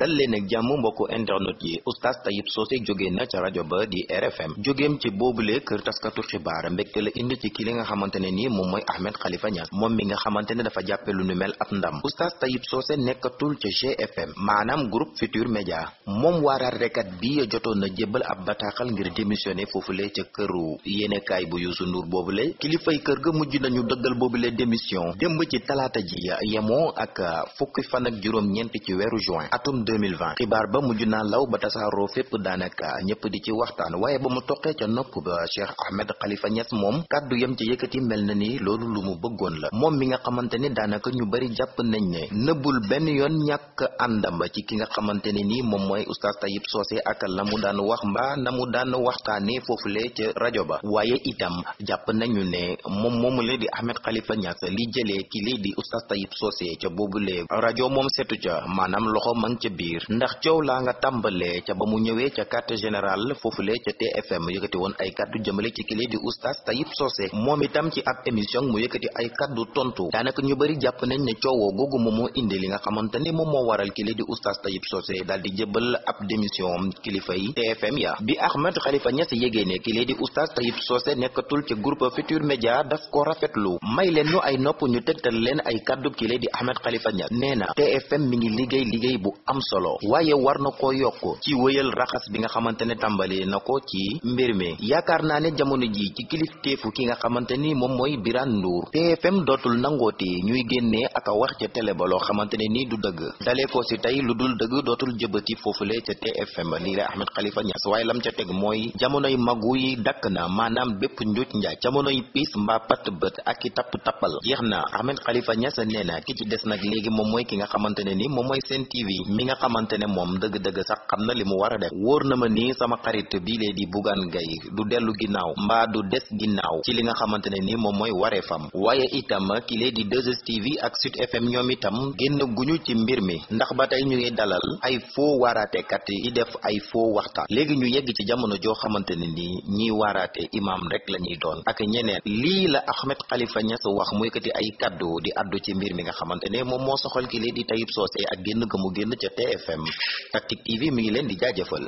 dal leen ak jàmm mbokk internet yi oustaz Tayib Socé jóge na ca rajo ba di RFM jógeem ci boobu boobule kër taskatu xibaar mbégte la indi ci ki li nga xamante ne ni moom mooy Ahmed Khalifa Niass moom mi nga xamante ne dafa jàppe lu nu mel ab ndam oustaz Tayib Socé nekkatul ca GFM maanaam groupe Futur Média moom waaraat rekat bi jotoon na jébbal ab bataaxal ngir foofu foofule ca këru yéenekaay bu Youssou boobu boobule kilifay kër ga mujj nañu dëggal boobule démission démb ci talaata ji yemoo ak fukki fan ak juróom ñeent ci weeru atum 2020 xibaar ba mujj naa law ba tasaaroo fépp daanaka ñëpp di ci waxtaan waaye ba mu toqee ca nopp ba Cheikh Ahmed Khalifa Niass moom kàddu yam ci yëkkati mel na ni loolu lu mu bëggoon la moom mi nga xamante ni daanaka ñu bari jàpp nañ ne nëbbul benn yoon ñàkk àndam ci ki nga xamante ne nii moom mooy oustaz Tayib Socé ak la mu daan wax mbaa na mu daan waxtaane foofulee ca rajo ba waaye itam jàpp nañu ne moom moomu la di Ahmed Khalifa Niass li jëlee ki lii di oustaz Tayib biir ndax coow laa nga tàmbalee ca ba mu ñëwee ca quartier général foofulee ca TFM yëkkati woon ay kaddu jëmale ci kile di oustaz Tayib Socé moom ni moom moo waral kile di oustaz Tayib Socé daal di jëbal ab démission kilifa TFM ya bi Ahmed Khalifa Niass yégée ne kile di oustaz Tayib Socé nekkatul ci groupe Futur Média daf ko rafetlu may leen ñu ay nopp ñu tegtal leen ay kaddu kile di Ahmed Khalifa Niass nee TFM mi ngi liggéey liggéey bu am solo waaye war na ko yokk ci wëyal raxas bi nga xamante ne tàmbali na ko ci mbir mi yaakaar naa ne jamono ji ci kilifteefu ki nga xamante ni moom mooy Birane Ndour TFM dootul nangooti ñuy génnee ak a wax ca télé ba loo xamante ne nii du dëgg dalee ko si tey lu dul dëgg dootul jëbati foofule ca TFM lii la Ahmed xalifa Niass waaye lam ca teg mooy jamonoy magu yi dakk na maanaam bépp njuuj njaaj jamonoy piis mbaa pat bët ak i tapp tapal jeex na Ahmed Khalifa Niass nee na ki ci nag léegi moom mooy ki nga xamante ne ni moom mooy Sen TV mi nga xamante ne moom dëgg-dëgg sax xam na li mu war a def wóor na ma ni sama xarit bi lee di Bougane Gueye du dellu ginnaaw mbaa du des ginnaaw ci li nga xamante ne ni moom mooy wareefam waaye itam ki lee di 2STV ak Sud FM ñoom itam génn guñu ci mbir mi ndax ba tey ñu ngi dalal ay faux waaraatekat yi def ay faux waxtaan léegi ñu yegg ci jamono joo xamante ne ni ñiy waaraate imaam rek la ñuy doon ak ñeneen lii la Ahmed Khalifa Niass wax muy kati ay kaddu di addu ci mbir mi nga xamante ne TFM Tactic TV mi ngi leen di jaajëfal